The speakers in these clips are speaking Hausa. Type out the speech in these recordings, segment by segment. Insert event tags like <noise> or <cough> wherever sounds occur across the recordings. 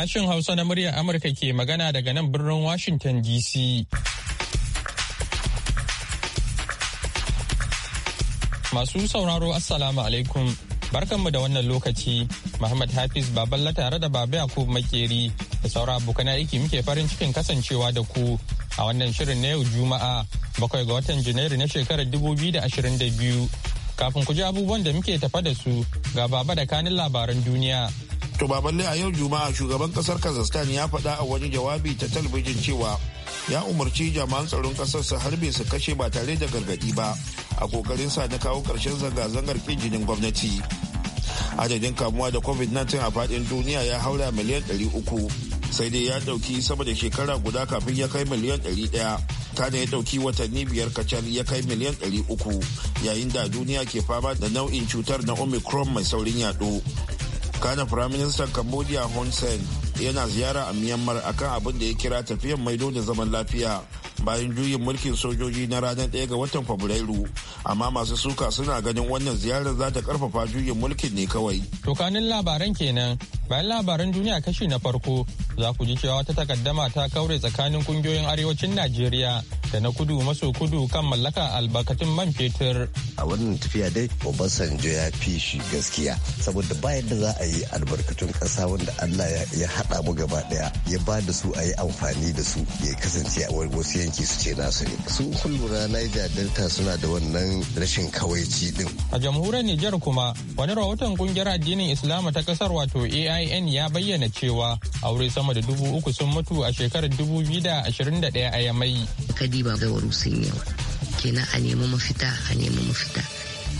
Sashen Hausa na muryar Amurka ke magana daga nan birnin Washington DC. Masu sauraro Assalamu alaikum. Barkanmu da wannan lokaci, Muhammad Hafiz Baballa tare da Baba Yakub Makeri da saura abokan aiki muke farin cikin kasancewa da ku a wannan shirin na yau Juma'a bakwai ga watan Janairu na shekarar 2022. Kafin ku ji abubuwan da muke tafa da su ga Baba da kanin labaran duniya. To ba balle a yau Juma'a shugaban kasar Kazakhstan ya faɗa a wani jawabi ta talbijin cewa ya umarci jami'an tsaron kasar su harbe su kashe ba tare da gargaɗi ba a kokarin sa na kawo karshen zanga-zangar kin jinin gwamnati. Adadin kamuwa da COVID-19 a faɗin duniya ya haura miliyan 300 sai dai ya ɗauki sama da shekara guda kafin ya kai miliyan 100 kada ya dauki watanni biyar kacal ya kai miliyan 300 yayin da duniya ke fama da nau'in cutar na omicron mai saurin yaɗo kana minister cambodia hun sen yana ziyara a myanmar akan abin da ya kira tafiyan maido da zaman lafiya bayan juyin mulkin sojoji na ranar 1 ga watan fabrairu amma masu suka suna ganin wannan ziyarar za ta karfafa juyin mulkin ne kawai tokanin labaran kenan Bayan labaran duniya kashi na farko za ku ji cewa wata takaddama ta kaure tsakanin kungiyoyin arewacin Najeriya da na kudu maso kudu kan mallaka albarkatun man fetur. A wannan tafiya dai Obasanjo ya fi shi gaskiya saboda bayan yadda za a yi albarkatun ƙasa wanda Allah ya haɗa mu gaba ɗaya ya ba da su a yi amfani da su ya kasance a wasu yanki su ce nasu ne. Sun kullura Niger Delta suna da wannan rashin kawaici din. A jamhuriyar niger kuma wani rahoton kungiyar addinin Islama ta ƙasar wato AI nin ya bayyana cewa aure sama da dubu uku sun mutu a shekarar 2021 a yamai kadiba da waru sun yawa kenan a nemi mafita a nemi mafita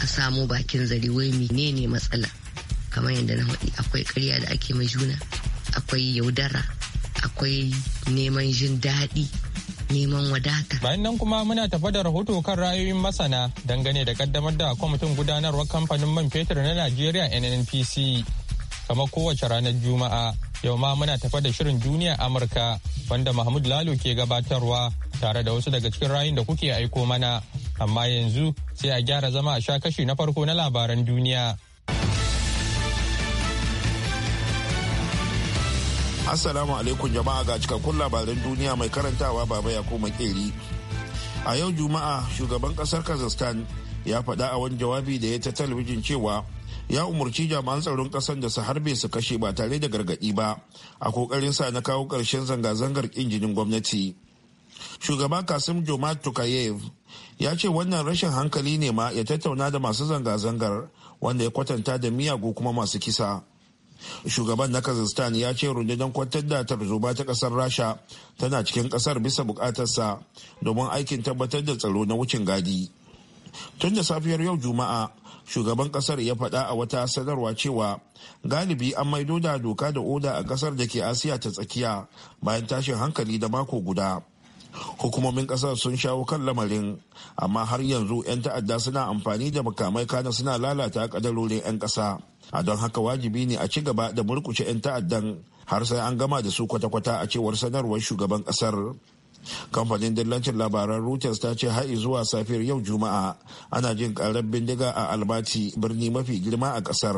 a samu bakin zari wai menene matsala kamar yadda na faɗi akwai karya da ake mai juna akwai yaudara akwai neman jin daɗi neman wadata. Bayan nan kuma muna tafa da rahoto kan ra'ayoyin masana dangane da kaddamar da kwamitin gudanarwar kamfanin man fetur na Najeriya NNPC kamar kowace ranar Juma'a yau ma muna tafa da shirin duniya Amurka wanda Mahmud Lalo ke gabatarwa tare da wasu daga cikin rayun da kuke aiko mana amma yanzu sai a gyara zama a sha kashi na farko na labaran duniya. Assalamu alaikum jama'a ga cikakkun labaran duniya mai karantawa baba ya koma keri. A yau Juma'a shugaban kasar Kazakhstan ya faɗa a wani jawabi da ya ta talabijin cewa ya umarci jami'an tsaron kasan da su harbe su kashe ba tare da gargaɗi ba a kokarin sa na kawo ƙarshen zanga-zangar injinin gwamnati shugaba kasim joma tukayev ya ce wannan rashin hankali ne ma ya tattauna da masu zanga-zangar wanda ya kwatanta da miyagu kuma masu kisa shugaban na kazakhstan ya ce rundunar kwantar da tarzoma ta kasar rasha tana cikin kasar bisa bukatarsa domin aikin tabbatar da tsaro na wucin gadi tun da safiyar yau juma'a shugaban kasar ya faɗa a wata sanarwa cewa galibi an maido da doka da oda a kasar da ke asiya ta tsakiya bayan tashin hankali da mako guda hukumomin kasar sun shawo kan lamarin amma har yanzu 'yan ta'adda suna amfani da makamai kana suna lalata kadarorin 'yan kasa a don haka wajibi ne a ci gaba da murkushe 'yan ta'addan har sai an gama da su kwata-kwata a cewar sanarwar shugaban kasar kamfanin dillancin labaran reuters ta ce har zuwa safiyar yau juma'a ana jin karar bindiga a albati birni mafi girma a kasar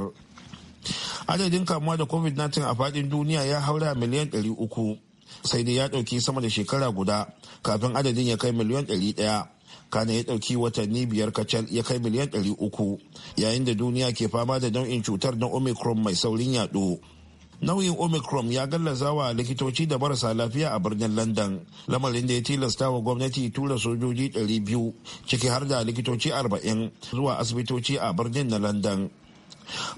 adadin kamuwa da covid-19 a fadin duniya ya haura miliyan 300 sai dai ya dauki sama da shekara guda kafin adadin ya kai miliyan 100 kana ya dauki watanni biyar kacal ya kai miliyan 300 yayin da duniya ke fama da nau'in cutar na omicron mai saurin yaɗo nauyin omicron ya gallaza wa likitoci da marasa lafiya a birnin london lamarin da ya tilasta wa gwamnati tura sojoji 200 ciki har da likitoci 40 zuwa asibitoci a birnin na london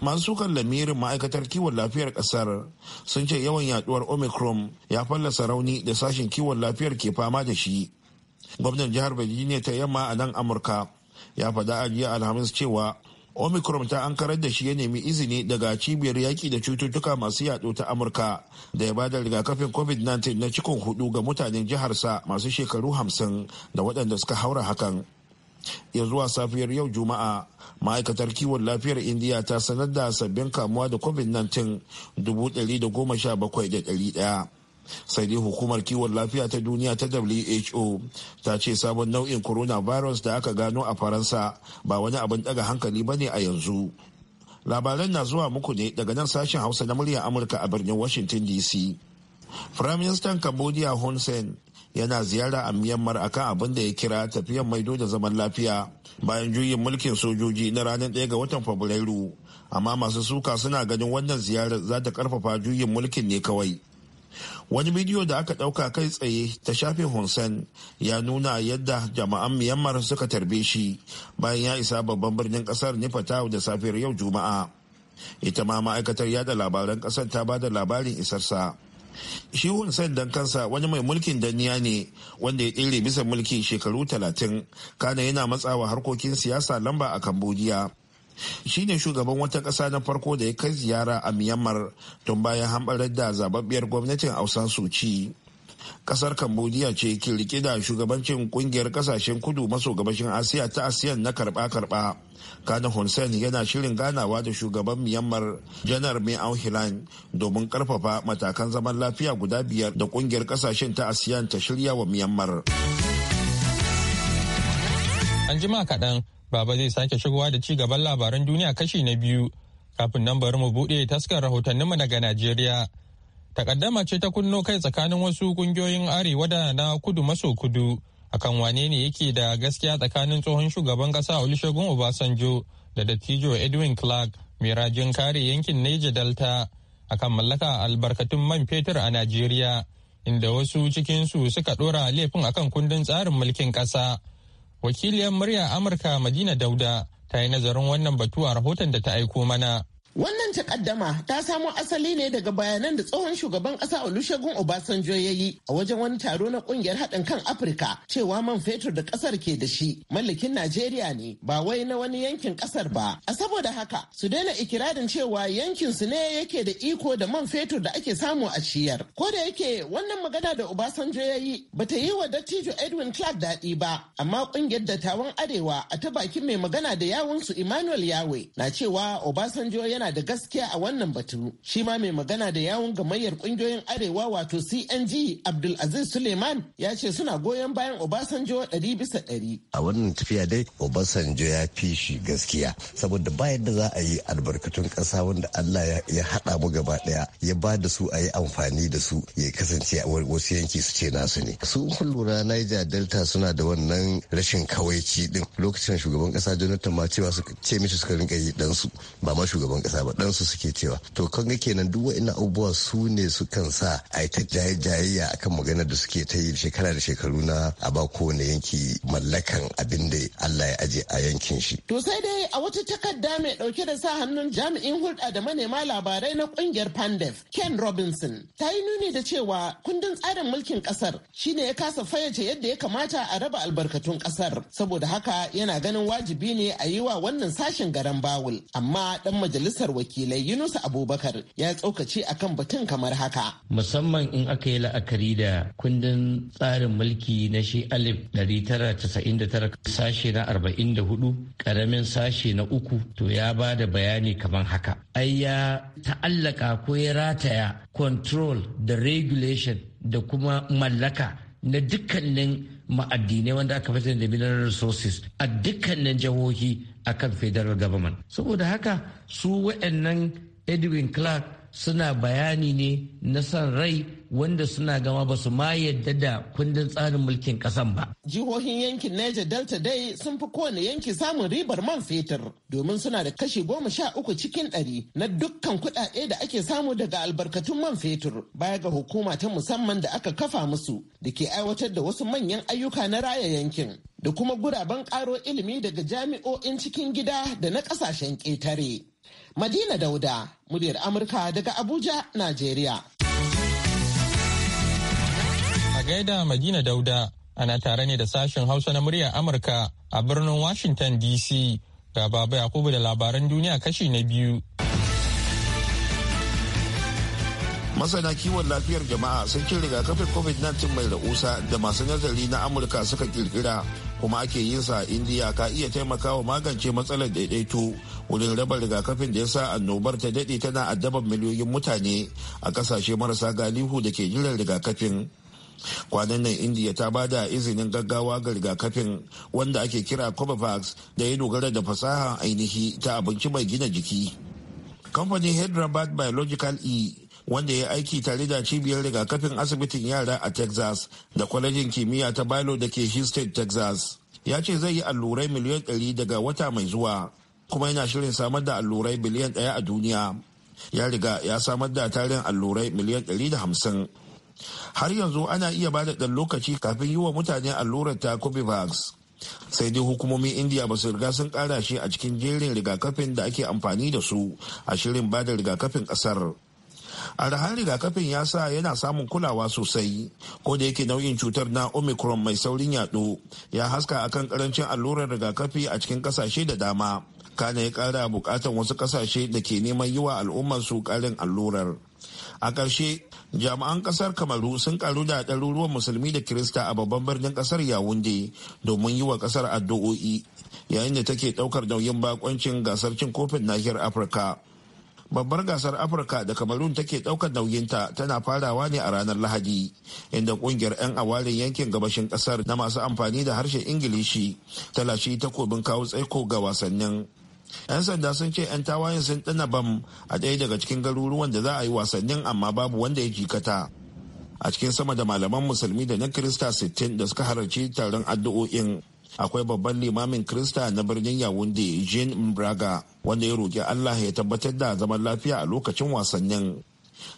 masu sukan lamirin ma'aikatar kiwon lafiyar kasar sun ce yawan yaduwar omicron ya fallasa rauni da sashen kiwon lafiyar ke fama da shi gwamnan jihar virginia ta yamma a nan amurka ya faɗa a jiya alhamis cewa omicron ta an karar da shi ya nemi izini daga cibiyar yaƙi da cututtuka masu yaɗo ta amurka da ya ba da rigakafin covid-19 na cikin hudu ga mutanen jiharsa masu shekaru hamsin da waɗanda suka haura hakan ya zuwa safiyar yau juma'a ma'aikatar kiwon lafiyar indiya ta sanar da sabbin kamuwa da covid-19 117,100 sai dai hukumar kiwon lafiya ta duniya ta who ta ce sabon nau'in coronavirus da aka gano a faransa ba wani abin daga hankali ba ne a yanzu labaran na zuwa muku ne daga nan sashen hausa na muryar amurka a birnin washington dc prime minister cambodia hun sen yana ziyara a myanmar akan abin da ya kira tafiyan maido da zaman lafiya bayan juyin mulkin sojoji na ranar 1 ga watan fabrairu amma masu suka suna ganin wannan ziyarar za ta karfafa juyin mulkin ne kawai wani bidiyo da aka ɗauka kai tsaye ta shafin hunsan ya nuna yadda jama'an myanmar suka tarbe shi bayan ya isa babban birnin ƙasar Fatawa da safiyar yau juma'a ita ma ma'aikatar yada labaran ƙasar ta ba da labarin isarsa shi hunsan dan kansa wani mai mulkin danniya ne wanda ya tsere bisa mulki shekaru talatin kana yana matsawa harkokin siyasa lamba a cambodia Shi ne shugaban wata ƙasa na farko da ya kai ziyara a myanmar tun bayan hambarar da zababbiyar gwamnatin ausan suci ƙasar cambodia ce ke rike da shugabancin ƙungiyar ƙasashen kudu maso gabashin asiya ta asiyan na karɓa-karɓa kana hussein yana shirin ganawa da shugaban myanmar janar mai auhilan domin ƙarfafa matakan zaman lafiya guda biyar da ƙungiyar ƙasashen ta asiyan ta shirya wa myanmar an Baba zai sake shigowa da ci gaban labaran duniya kashi na biyu kafin nan bari mu buɗe taskar mu daga Najeriya. Takaddama ce ta kunno kai tsakanin wasu kungiyoyin arewa da na kudu maso kudu akan wane ne yake da gaskiya tsakanin tsohon shugaban ƙasa Olusegun Obasanjo da dattijo Edwin Clark mai rajin kare yankin Niger Delta akan mallaka albarkatun man fetur a Najeriya inda wasu cikinsu suka ɗora laifin akan kundin tsarin mulkin ƙasa. wakiliyar murya amurka madina dauda ta yi nazarin wannan batu a rahoton da ta aiko mana Wannan takaddama ta samo asali ne daga bayanan da tsohon shugaban ƙasa Olusegun Obasanjo ya yi a wajen wani taro na ƙungiyar haɗin kan Afirka cewa man fetur da ƙasar ke da shi mallakin Najeriya ne ba wai na wani yankin ƙasar ba. A saboda haka su daina ikirarin cewa yankin su ne yake da iko da man fetur da ake samu a ciyar. Ko da yake wannan magana da Obasanjo ya yi bata yi wa dattijo Edwin Clark daɗi ba amma ƙungiyar dattawan Arewa a ta bakin mai magana da yawunsu Emmanuel Yawe na cewa Obasanjo yana na da gaskiya a wannan batu. Shi ma mai magana da yawun gamayyar kungiyoyin Arewa wato CNG abdul aziz Suleiman ya ce suna goyon bayan Obasanjo ɗari bisa ɗari. A wannan tafiya dai Obasanjo ya fi shi gaskiya saboda bayan da za a yi albarkatun ƙasa wanda Allah ya haɗa mu gaba ɗaya ya ba da su a yi amfani da su ya kasance a wasu yanki su ce nasu ne. Su kun lura Niger Delta suna da wannan rashin kawaici din lokacin shugaban ƙasa Jonathan ma cewa su ce mishi suka rinka yi ɗansu ba ma shugaban ƙasa. ƙasa ba ɗansu suke cewa to kan ga kenan duk na abubuwa su ne su kan sa a yi ta jayayya akan maganar da suke ta yi shekara da shekaru na a ba kowane yanki mallakan abin da Allah ya aje a yankin shi. To sai dai a wata takarda mai ɗauke da sa hannun jami'in hulɗa da manema labarai na ƙungiyar Pandef Ken Robinson ta yi nuni da cewa kundin tsarin mulkin ƙasar shine ya kasa fayyace yadda ya kamata a raba albarkatun ƙasar saboda haka yana ganin wajibi ne a yi wa wannan sashen garan bawul amma ɗan majalisar majalisar wakilai Yunus Abubakar ya tsokaci akan batun kamar haka. Musamman in aka yi la'akari da kundin tsarin mulki na shi alif 999 sashe na 44 karamin sashe na uku to ya ba da bayani kamar haka. Ai ya ta'allaka ko ya rataya control da regulation da kuma mallaka na dukkanin ma'addinai wanda aka fitar da mineral resources a dukkanin jihohi akan federal government saboda haka su waɗannan edwin clark suna bayani ne na son rai wanda suna gama ba su ma yadda da kundin tsarin mulkin kasan ba. Jihohin yankin Niger Delta dai sun fi kowane yanki samun ribar man fetur domin suna da kashi goma sha uku cikin ɗari na dukkan kuɗaɗe da ake samu daga albarkatun man fetur baya ga hukuma ta musamman da aka kafa musu da ke aiwatar da wasu manyan ayyuka na raya yankin. Da kuma guraben ƙaro ilimi daga jami'o'in cikin gida da na ƙasashen ƙetare. Madina Dauda, muryar Amurka daga Abuja, Najeriya. A gaida Madina Dauda, ana tare ne da sashen Hausa na muryar Amurka a birnin Washington DC. Ga Baba Yakubu da labaran duniya kashi na biyu. masana kiwon lafiyar jama'a sun ce rigakafin covid-19 mai ra'usa da masu nazari na amurka suka kirkira kuma ake yin sa a indiya ka iya taimakawa magance matsalar daidaito wurin raba rigakafin da ya sa annobar ta daɗe tana addaban miliyoyin mutane a ƙasashe marasa galihu da ke jiran rigakafin kwanan nan indiya ta ba da izinin gaggawa ga rigakafin wanda ake kira covavax da ya dogara da fasaha ainihi ta abinci mai gina jiki kamfanin hyderabad biological e wanda ya aiki tare da cibiyar rigakafin asibitin yara a texas da kwalejin kimiyya ta bailo da ke houston texas ya ce zai yi allurai miliyan 100 daga wata mai zuwa kuma yana shirin samar da allurai biliyan ɗaya a duniya ya riga ya samar da tarin allurai miliyan 150 har yanzu ana iya ba da ɗan lokaci kafin yi wa mutane allurar ta covivax sai dai hukumomin indiya ba su riga sun kara shi a cikin jerin rigakafin da ake amfani da su a shirin ba da rigakafin kasar arhan rigakafin ya sa yana samun kulawa sosai ko da yake nau'in cutar na omicron mai saurin yaɗo ya haska akan karancin allurar rigakafi a cikin kasashe da dama kana ya kara bukatan wasu kasashe da ke neman yi wa al'ummarsu karin allurar a ƙarshe jami'an ƙasar kamaru sun karu da ɗaruruwan musulmi da kirista a babban birnin ƙasar yawunde domin yi wa ƙasar addu'o'i yayin da take ɗaukar nauyin bakoncin gasar cin kofin nahiyar afirka babbar gasar afirka da kamarun take daukar nauyinta tana farawa ne a ranar lahadi inda kungiyar 'yan awarin yankin gabashin kasar na masu amfani da harshen ingilishi ta lashe takobin kawo tsaiko ga wasannin 'yan sanda sun ce 'yan tawayen sun dana bam a ɗaya daga cikin garuruwan da za a yi wasannin amma babu wanda ya jikata a cikin sama da malaman musulmi da na kirista 60 da suka halarci taron addu'o'in akwai babban limamin krista na birnin yawunde jean mbraga wanda ya roƙi allah ya tabbatar da zaman lafiya a lokacin wasannin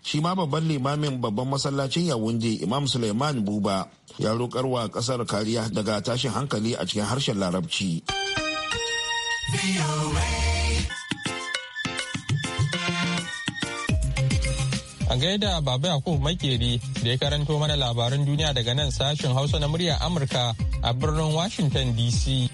shi ma babban limamin babban masallacin yawunde imam suleiman buba ya roƙar wa ƙasar kariya daga tashin hankali a cikin harshen larabci gaida Baba Yakubu Makeri da ya karanto mana labaran duniya daga nan sashen Hausa na muryar Amurka a birnin Washington DC.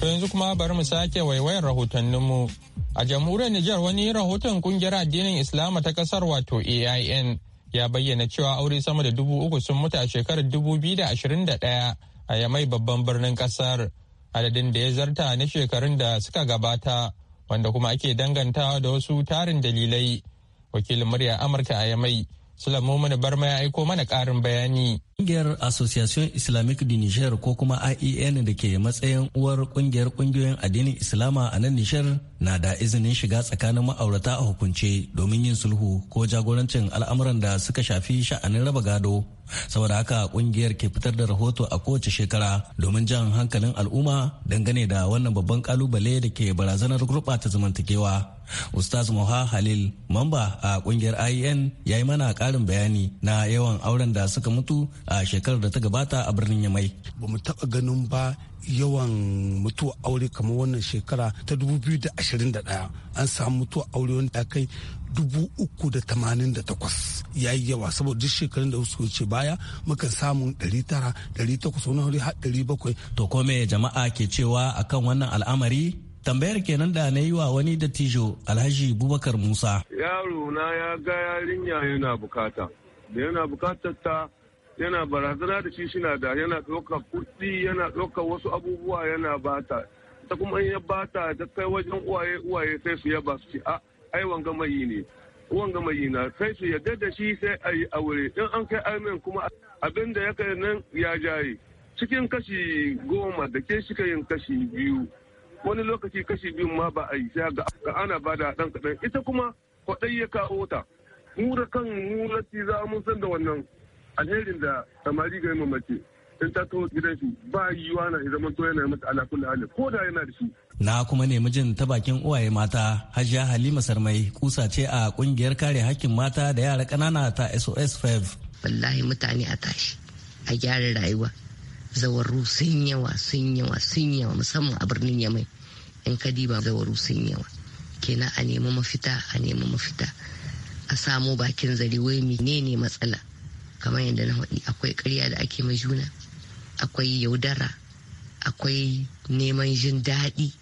To yanzu kuma bari mu sake waiwayar rahotanninmu. A jamhuriyar Nijar wani rahoton kungiyar addinin Islama ta kasar wato AIN ya bayyana cewa aure sama da dubu uku sun mutu a shekarar dubu biyu da ashirin da ɗaya a yamai babban birnin kasar. adadin da ya zarta na shekarun da suka gabata wanda kuma ake dangantawa da wasu tarin dalilai wakilin murya amurka a yamai Sulaimu mana barma ya aiko mana ƙarin bayani. Ƙungiyar Association Islamic di Niger ko kuma IEN da ke matsayin uwar ƙungiyar ƙungiyoyin addinin Islama a nan Niger na da izinin shiga tsakanin ma'aurata a hukunce domin yin sulhu ko jagorancin al'amuran da suka shafi sha'anin raba gado. Saboda haka ƙungiyar ke fitar da rahoto a kowace shekara domin jan hankalin al'umma dangane da wannan babban ƙalubale da ke barazanar gurɓata zamantakewa. Ustaz Moha Halil, mamba a kungiyar IEN ya yi mana karin bayani na yawan auren da suka mutu a shekarar da ta gabata a birnin Yamai. Ba mu taɓa ganin ba yawan mutuwa aure kamar wannan shekara ta 2021 an samu mutuwa aure wanda kai 388 ya yi yawa saboda duk shekarun da wasu wuce baya mukan samun 900 800 wani har 700 to kome jama'a ke cewa akan wannan al'amari Tambayar kenan da na yi wa wani dattijo Alhaji Bubakar Musa. Yaro na ya ga yarinya yana bukata. Da yana bukatar ta yana barazana da shi shina da yana ɗaukar kuɗi yana ɗaukar wasu abubuwa yana bata. Ta kuma an ya bata ta kai wajen uwaye uwaye sai su yaba su ce a ah, ai wanga mai ne. Wanga mai na sai su yarda da shi sai a yi aure. In an kai armen kuma abin da ya kai nan ya jaye. Cikin kashi goma da ke shi yin kashi biyu. wani lokaci kashi biyun ma ba a yi sai ga ana ba da ɗan kaɗan ita kuma kwaɗai ya kawo ta mu kan mu lati za mu san da wannan alherin da samari ga mace in ta to gidan shi ba yiwa na ya zama to yana mata ala hali ko da yana da shi na kuma nemi jin ta bakin uwaye mata hajiya halima sarmai kusa ce a kungiyar kare hakkin mata da yara kanana ta sos 5 e wallahi mutane a tashi a gyara rayuwa zawaru sun yawa sun yawa sun yawa musamman a birnin yamai in ka diba zawaru sun yawa kenan a nemi mafita a nemi mafita a samo bakin zari wai menene matsala kamar yadda na faɗi akwai ƙarya da ake mai juna akwai yaudara akwai neman jin daɗi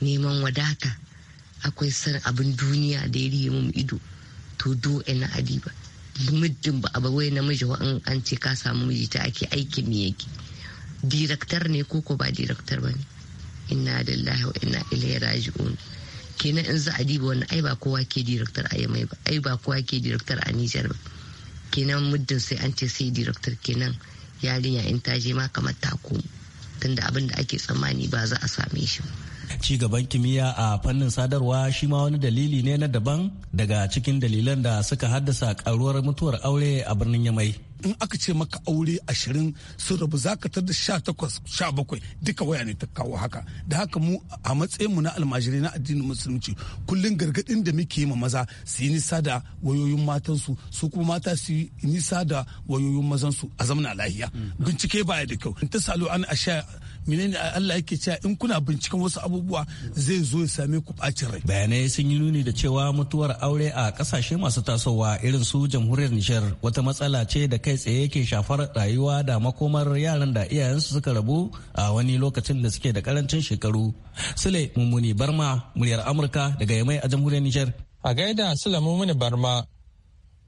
neman wadata akwai san abin duniya da ya riye mun ido to do ina adiba muddin ba a wai namiji an ce ka samu miji ta ake aikin me yake direktar ne ko ko ba direktar ba ne inna lillahi wa inna ilaihi raji'un kenan in za a diba wani ai ba kowa ke direktar a yamai ba ai ba kowa ke direktar a Nijar ba kenan muddin sai an ce sai direktar kenan yarinya in ta je ma kamar ta komo tunda abin da ake tsammani ba za a same shi ba ci gaban kimiyya a fannin sadarwa shi ma wani dalili ne na daban daga cikin dalilan da suka haddasa karuwar mutuwar aure a birnin yamai in aka ce maka aure ashirin sun rabu za ka da sha takwas sha bakwai duka waya ne ta kawo haka da haka mu a matsayin mu na almajirai na addinin musulunci kullum gargadin da muke ma maza su yi nisa da wayoyin matansu su kuma mata su yi nisa da wayoyin mazansu a zamana lahiya mm. bincike baya da kyau in ta salo an a sha menene Allah yake cewa in kuna binciken wasu abubuwa zai zo ya same ku bacin rai bayanai sun yi nuni da cewa mutuwar aure a kasashe masu tasowa irin su jamhuriyar Nijar wata matsala ce da kai tsaye ke shafar rayuwa da makomar yaran da iyayensu suka rabu a wani lokacin da suke da karancin shekaru Sule Mummuni Barma muryar Amurka daga Yamai a jamhuriyar Nijar a gaida Sule Mummuni Barma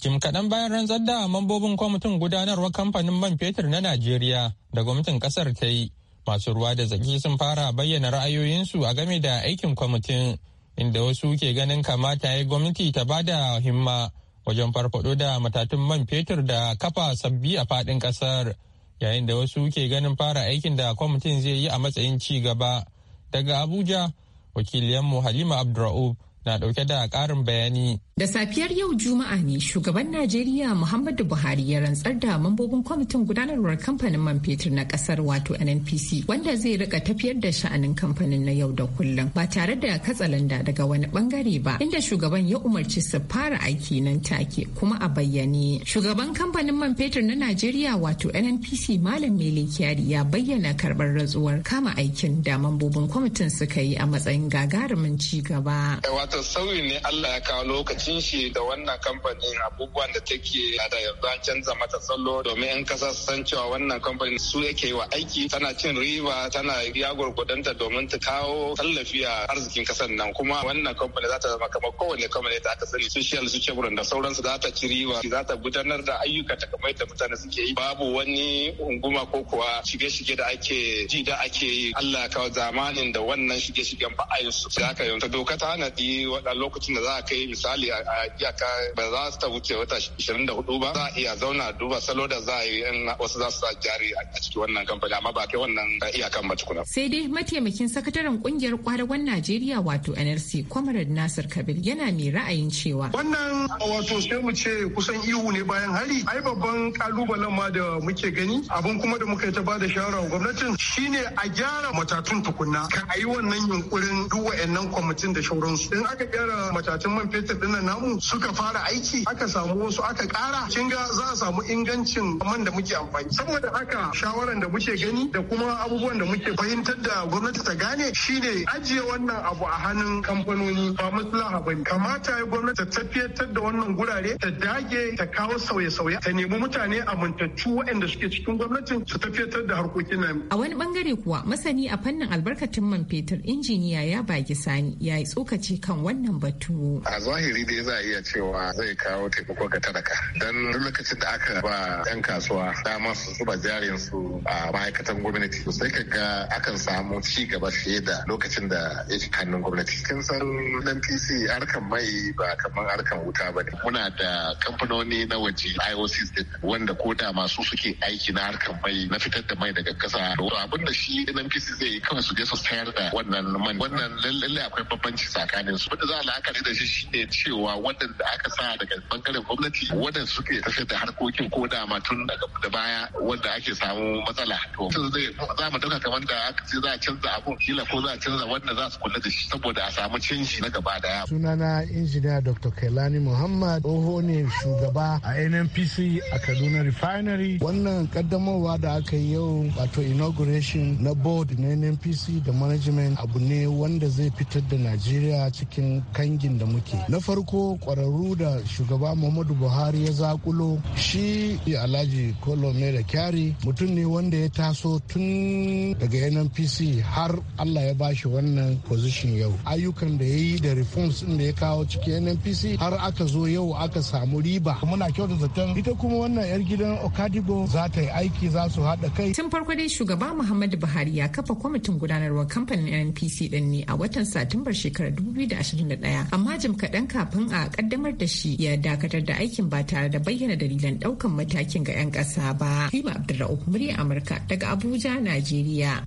Jim kaɗan bayan rantsar da mambobin kwamitin gudanarwa kamfanin man fetur na Najeriya da gwamnatin ƙasar ta yi masu ruwa da zaki sun fara bayyana ra'ayoyinsu a game da aikin kwamitin inda wasu ke ganin kamata ya gwamnati ta ba da himma wajen farfado da matatun man fetur da kafa sabbi a faɗin ƙasar yayin da wasu ke ganin fara aikin da kwamitin zai yi a matsayin ci gaba daga abuja wakiliyanmu halima abdurra'ub na dauke da karin bayani. Da safiyar yau Juma'a ne shugaban Najeriya Muhammadu Buhari ya rantsar da mambobin kwamitin gudanarwar kamfanin man fetur na kasar wato NNPC wanda zai rika tafiyar da sha'anin kamfanin na yau da kullum ba tare da katsalanda daga wani bangare ba inda shugaban ya umarci su fara aiki nan take kuma a bayyane. Shugaban kamfanin man fetur na Najeriya wato NNPC Malam Mele Kyari ya bayyana karbar ratsuwar kama aikin da mambobin kwamitin suka yi a matsayin gagarumin ci gaba. watan sauyi ne Allah ya kawo lokacin shi da wannan kamfanin abubuwan da take da yanzu an canza mata tsallo domin yan kasa san cewa wannan kamfanin su yake wa aiki tana cin riba tana ya gurgudanta domin ta kawo tallafi a arzikin kasar nan kuma wannan kamfani za ta zama kamar kowane kamfani da aka sani social ce da sauransu za ta ci riba za ta gudanar da ayyuka ta kamar yadda mutane suke yi babu wani unguma ko kuwa shige-shige da ake ji da ake yi Allah ya kawo zamanin da wannan shige-shigen ba a yi su. Da doka ta hana A lokacin da za a kai misali a iyaka ba za su ta wuce wata 24 ba za a iya zauna duba salo da za a yi in wasu za su jari a ciki wannan kamfani amma ba kai wannan iyakan ba tukuna. Sai dai mataimakin sakataren kungiyar kwadagon Najeriya wato NRC Kwamarar Nasir Kabir yana mai ra'ayin cewa. Wannan wato sai mu ce kusan ihu ne bayan hari ai babban kalubalen ma da muke gani abin kuma da muka yi ta bada shawara gwamnatin shine a gyara matatun tukunna ka a yi wannan yunkurin duk wa'annan kwamitin da shauransu. In aka gyara matatan man fetur nan namu suka fara aiki aka samu wasu aka kara kin ga za a samu ingancin man da muke amfani saboda haka shawaran da muke gani da kuma abubuwan da muke fahimtar da gwamnati ta gane shine ajiye wannan abu a hannun kamfanoni ba maslaha ba kamata ya gwamnati ta tafiyar da wannan gurare ta dage ta kawo sauye-sauye ta nemi mutane a amintattu waɗanda suke cikin gwamnatin su tafiyar da harkokin nan a wani bangare kuwa masani a fannin albarkatun man fetur injiniya ya baki sani ya yi tsokaci kan wannan batu. A zahiri dai za a iya cewa zai kawo taimako ga talaka. Don lokacin da aka ba 'yan kasuwa dama su zuba jarin su a ma'aikatan gwamnati sai kaga ga akan samu ci gaba fiye da lokacin da ya ci hannun gwamnati. Kin san NPC harkan mai ba kamar harkan wuta ba ne. Muna da kamfanoni na waje IOC wanda ko da masu suke aiki na harkan mai na fitar da mai daga kasa. Abin da shi NPC zai yi kawai su je su sayar da wannan man. Wannan lallai akwai bambanci tsakanin su. wanda za a la'akari da shi shine cewa wadanda aka sa daga bangaren gwamnati waɗanda suke tafiyar da harkokin ko da ma tun da baya wanda ake samu matsala to za mu dauka kamar da aka ce za a canza abun kila ko za a canza wanda za su kula da shi saboda a samu canji na gaba daya sunana injiniya dr kailani muhammad oho ne shugaba a nnpc a kaduna refinery wannan kaddamarwa da aka yi yau wato inauguration na board na nnpc da management abu ne wanda zai fitar da najeriya cikin cikin kangin da muke na farko kwararru da shugaba muhammadu buhari ya zakulo shi alhaji kolome da kyari mutum ne wanda ya taso tun daga nnpc har allah ya bashi wannan position yau ayyukan da ya yi da reforms din da ya kawo cikin nnpc har aka zo yau aka samu riba muna kyauta zaton ita kuma wannan yar gidan okadibo za ta yi aiki za su haɗa kai tun farko dai shugaba muhammadu buhari ya kafa kwamitin gudanarwa kamfanin nnpc din ne a watan satumbar shekarar 2020 2021 amma jim kaɗan kafin a kaddamar da shi ya dakatar da aikin ba tare da bayyana dalilan ɗaukan matakin ga 'yan ƙasa ba. Halima abdurraub murya Amurka daga Abuja, Najeriya.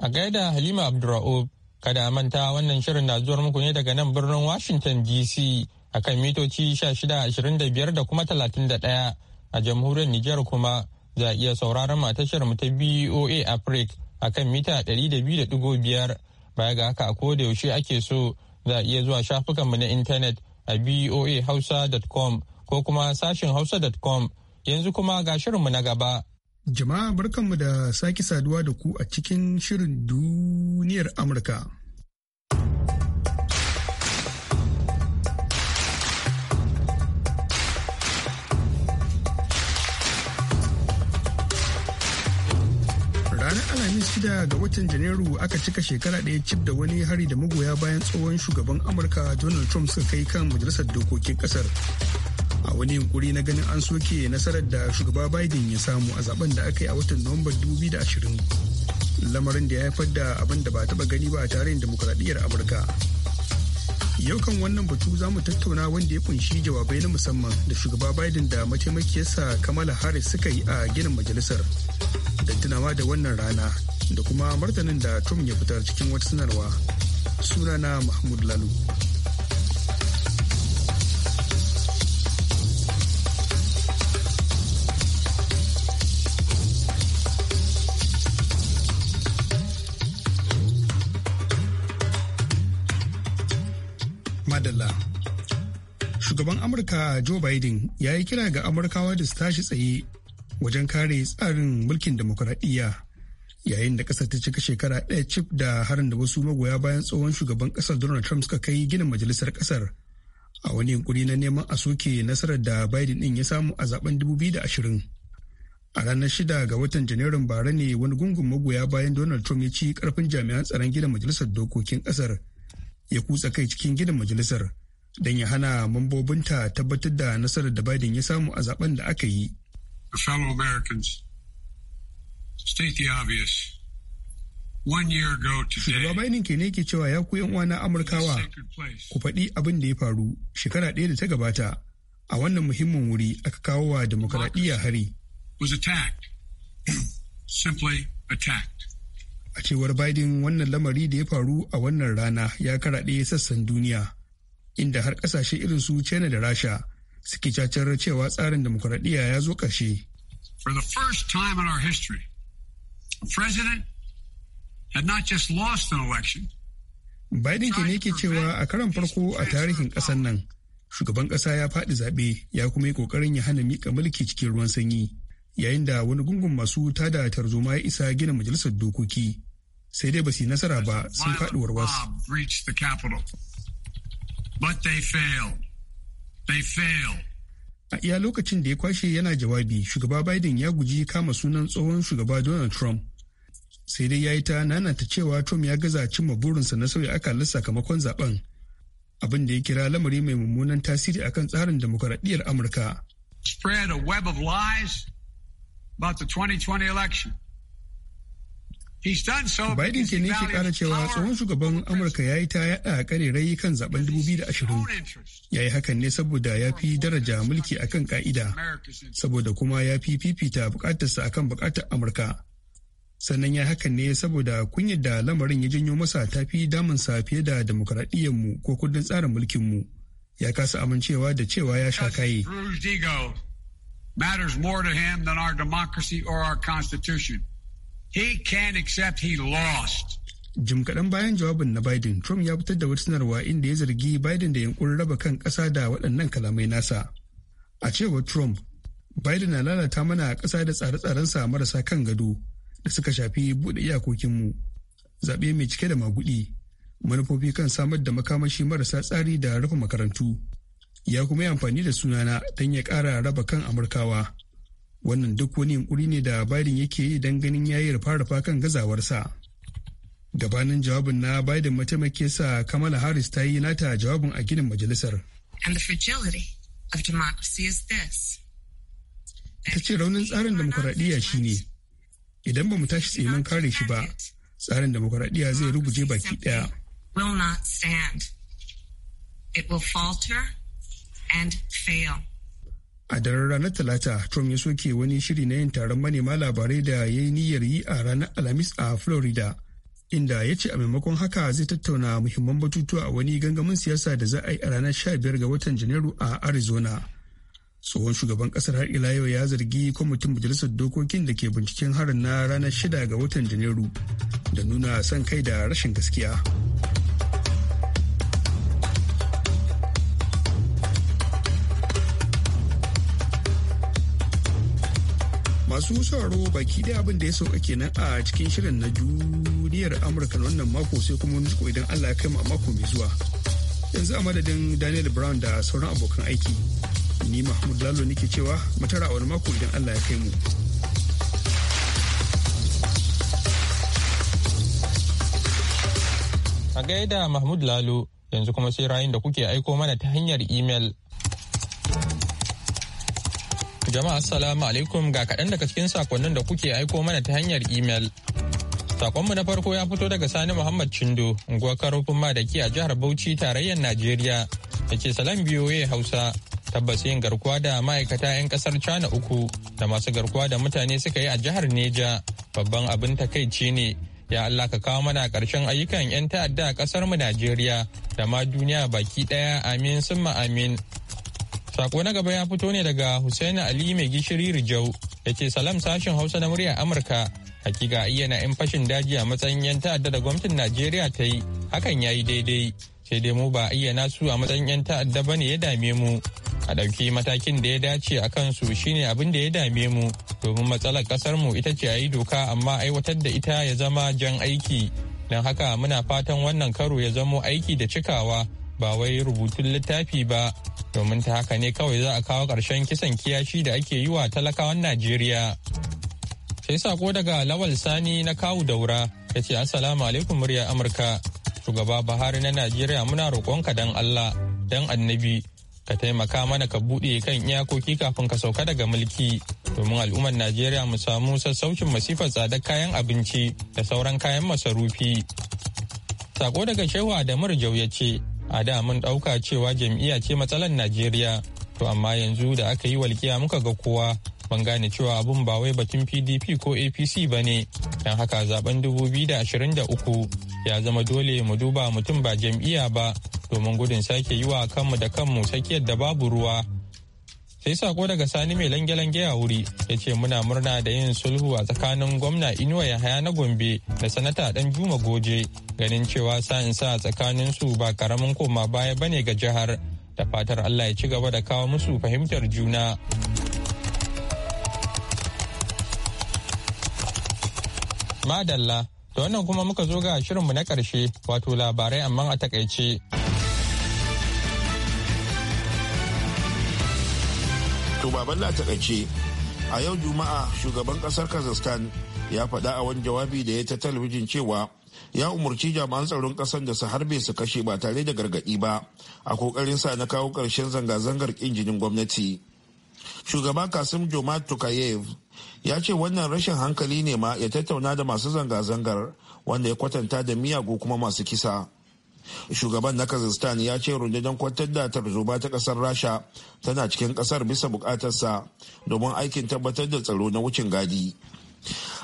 A gaida Halima Abdulra'uf kada a manta wannan shirin na zuwar muku ne daga nan birnin Washington DC akan mitoci 1625 da kuma 31 a jamhuriyar Nijar kuma za a iya sauraron tashar mu ta BOA Africa akan mita 200.5 baya ga haka a koda yaushe ake so za a iya zuwa shafukanmu na intanet a voahausa.com ko kuma sashin hausa.com yanzu kuma ga shirinmu na gaba. Jama'a barkanmu da sake saduwa da ku a cikin shirin duniyar Amurka. shida ga watan Janairu aka cika shekara ɗaya cif da wani hari da magoya bayan tsohon shugaban Amurka Donald Trump suka kai kan majalisar dokokin kasar. A wani yunkuri na ganin an soke nasarar da shugaba Biden ya samu a zaben da aka yi a watan nuwamba 2020. Lamarin da ya haifar da abin da ba taba gani ba a tarihin demokuraɗiyyar Amurka. Yau kan wannan batu za mu tattauna wanda ya kunshi jawabai na musamman da shugaba Biden da mataimakiyarsa Kamala Harris suka yi a ginin majalisar. Da tunawa da wannan rana da kuma martanin da Tom ya fitar cikin wata sanarwa. Sunana Mahmud Lalu. shugaban amurka joe biden ya yi kira ga amurkawa da su tashi tsaye wajen kare tsarin mulkin demokuraɗiyya yayin da ƙasar ta cika shekara ɗaya cif da harin da wasu magoya bayan tsohon shugaban ƙasar donald trump suka kai ginin majalisar ƙasar a wani yunkuri na neman a soke nasarar da biden ɗin ya samu a zaben 2020 a ranar shida ga watan janairun bara ne wani gungun magoya bayan donald trump ya ci karfin jami'an tsaron gidan majalisar dokokin ƙasar ya kutsa kai cikin gidan majalisar don ya hana mambobinta tabbatar da nasarar da Biden ya samu a zaben da aka yi. fellow Americans, state the obvious. Shugaba Biden ke ne ke cewa ya ku na Amurkawa ku faɗi abin da ya faru shekara ɗaya da ta gabata a wannan muhimmin wuri aka kawo wa demokaradiyya hari. <clears throat> A cewar Biden wannan lamari da ya faru a wannan rana ya karaɗe sassan duniya inda har kasashe irin su china da rasha suke cacar cewa tsarin demokuraɗiyya ya zo ƙarshe. For the first time in our president had not just lost an Biden ke ne ke cewa a karan farko a tarihin ƙasar nan, shugaban ƙasa ya faɗi zaɓe ya kuma yi ƙoƙarin ya hana miƙa mulki cikin ruwan sanyi, yayin da wani gungun masu tada tarzoma ya isa gina majalisar dokoki. Sai dai ba su yi nasara ba sun faɗi warwas. But they fail. They fail. A iya lokacin da ya kwashe yana jawabi, shugaba Biden ya guji kama sunan tsohon shugaba Donald Trump. Sai dai ya yi ta nanata cewa Trump ya gaza cimma burinsa na sauya akalar sakamakon zaben. Abin da ya kira lamari mai mummunan tasiri akan tsarin demokuraɗiyyar Amurka. Spread a web of lies about the 2020 election. Biden ke ne ke kara cewa tsohon shugaban Amurka ya yi ta yada karerai kan zaben 2020. Ya yi hakan ne saboda ya fi daraja mulki a kan ka'ida, saboda kuma ya fi fifita bukatarsa a kan bukatar Amurka. Sannan ya hakan ne saboda kunyar da lamarin ya janyo masa ta fi damunsa fiye da mu ko kudin tsarin mulkinmu. Ya kasa amincewa da cewa ya sha kaye. matters more to him than democracy or our He can't accept he lost. Jim kaɗan bayan jawabin na Biden, Trump ya fitar da wata sanarwa inda ya zargi Biden da yankurin raba kan ƙasa da waɗannan kalamai nasa. A cewar Trump, Biden na lalata mana ƙasa da tsare-tsarensa marasa kan gado da suka shafi buɗe iyakokinmu. Zaɓe mai cike da maguɗi, manufofi kan samar da makamashi marasa tsari da rufe makarantu. Ya kuma yi amfani da sunana don ya ƙara raba kan Amurkawa. wannan duk wani yunkuri ne da biden yake yi don ganin yayi rufa-rufa kan gazawarsa gabanin jawabin na biden mataimake sa kamala harris ta yi nata jawabin a ginin majalisar ta ce raunin tsarin demokuraɗiyya shine idan ba mu tashi tseman kare shi ba tsarin demokuraɗiyya zai ruguje baki ɗaya will not stand. It will falter and fail. a daren ranar talata trump ya soke wani shiri na yin taron manema labarai da ya yi niyyar yi a ranar alhamis a florida inda ya ce a maimakon haka zai tattauna muhimman batutuwa a wani gangamin siyasa da za a yi a ranar 15 ga watan janairu a arizona tsohon shugaban kasar har ila yau ya zargi kwamitin majalisar dokokin da ke binciken harin na ranar 6 ga watan janairu da nuna son kai da rashin gaskiya. masu sauraro baki da abin da ya sauka kenan a cikin shirin na duniyar amurka na wannan mako sai kuma wani idan allah ya kai a mako mai zuwa yanzu a madadin daniel brown da sauran abokan aiki ni mahmud lalo nake cewa matara wani mako idan allah ya kai mu a gaida mahmud lalo yanzu kuma sai rayun da kuke aiko mana ta hanyar imel Jama'a assalamu alaikum ga kaɗan daga cikin sakonnin da kuke aiko mana ta hanyar imel. Sakonmu na farko ya fito daga Sani Muhammad Chindo, unguwar da ke a jihar Bauchi tarayyar Najeriya, da ke salam biyoye Hausa. Tabbas yin garkuwa da ma'aikata 'yan kasar China uku da masu garkuwa da mutane suka yi a jihar Neja babban abin takaici ne. Ya Allah ka kawo mana karshen ayyukan 'yan ta'adda a ƙasar mu Najeriya da ma duniya baki ɗaya amin sun amin. Sako na gaba ya fito ne daga Hussaini Ali mai gishiri Rijau da ce salam sashen Hausa na muryar Amurka. Hakika ayyana 'yan fashin daji a matsayin 'yan ta'adda da gwamnatin Najeriya ta yi hakan ya yi daidai. Sai dai mu ba ayyana su a matsayin 'yan ta'adda ba ne ya dame mu. A ɗauki matakin da ya dace a kansu shine abin da ya dame mu domin matsalar ƙasar mu ita ce a yi doka amma aiwatar da ita ya zama jan aiki. Don haka muna fatan wannan karo ya zamo aiki da cikawa ba wai rubutun littafi ba. domin ta haka ne kawai za a kawo ƙarshen kisan kiyashi da ake yi wa talakawan najeriya sai sako daga lawal sani na kawu daura ya ce assalamu alaikum murya amurka shugaba buhari na najeriya muna roƙonka don allah don annabi ka taimaka mana ka buɗe kan iyakoki kafin ka sauka daga mulki domin al'ummar najeriya mu samu sassaucin masifar tsadar kayan abinci da sauran kayan masarufi sako daga shehu Adamu jau ya ce a da mun ɗauka cewa jam'iyya ce matsalar najeriya to amma yanzu da aka yi walƙiya muka ga kowa ban gane cewa abun ba wai batun pdp ko apc ba ne don haka zaben 2023 ya zama dole mu duba mutum ba jam'iyya ba domin gudun sake yi wa kanmu da kanmu tsakiyar da babu ruwa sai sako daga sani mai lange-lange a wuri ya ce muna murna da yin sulhu a tsakanin gwamna inuwa yahaya na gombe da sanata dan juma goje ganin cewa sa'in sa a tsakanin su ba karamin koma baya bane ga jihar da fatar allah ya ci gaba da kawo musu fahimtar juna madalla da wannan kuma muka zo ga shirinmu na ƙarshe wato labarai amma a takaice. To baban la takaice a yau Juma'a shugaban kasar Kazakhstan ya faɗa a wani jawabi da ya ta talabijin cewa ya umarci jami'an tsaron ƙasar da su harbe su kashe ba tare da gargaɗi ba a kokarin sa na kawo ƙarshen zanga-zangar injinin gwamnati. Shugaba Kasim Joma Tukayev ya ce wannan rashin hankali ne ma ya tattauna da masu zanga-zangar wanda ya kwatanta da miyagu kuma masu kisa. shugaban na kazakhstan ya ce rundunar kwantar da tarzoma ta kasar rasha tana cikin kasar bisa bukatarsa domin aikin tabbatar da tsaro na wucin gadi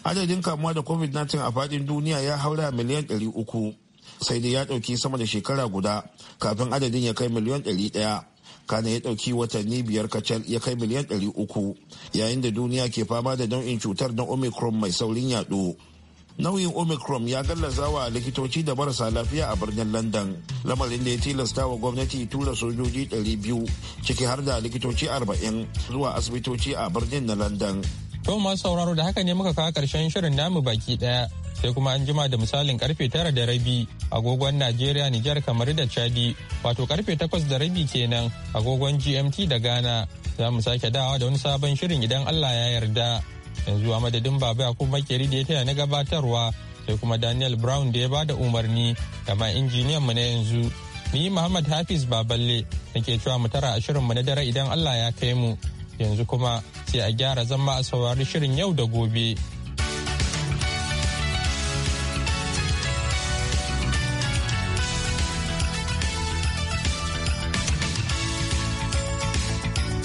adadin kamuwa da covid-19 a fadin duniya ya haura miliyan 300 sai dai ya dauki sama da shekara guda kafin adadin ya kai miliyan 100 kana ya dauki watanni biyar kacal ya kai miliyan 300 yayin da duniya ke fama da nau'in cutar na omicron mai saurin yaɗo nauyin omicron ya gallaza wa likitoci da marasa lafiya a birnin london lamarin da ya tilasta wa gwamnati tura sojoji 200 ciki har da likitoci 40 zuwa asibitoci a birnin na london to masu sauraro da haka ne muka kawo karshen shirin namu baki daya sai kuma an jima da misalin karfe tara da rabi agogon nigeria niger kamar da chadi wato karfe takwas da rabi kenan agogon gmt da ghana za mu sake dawa da wani sabon shirin idan allah ya yarda yanzu a madadin baba ya kuma makeri da ya taya na gabatarwa sai kuma daniel brown da ya ba da umarni da ma injiniyan mu na yanzu ni muhammad hafiz baballe nake cewa mu tara ashirin mu na dare idan allah ya kai mu yanzu kuma sai a gyara zama a saurari shirin yau da gobe.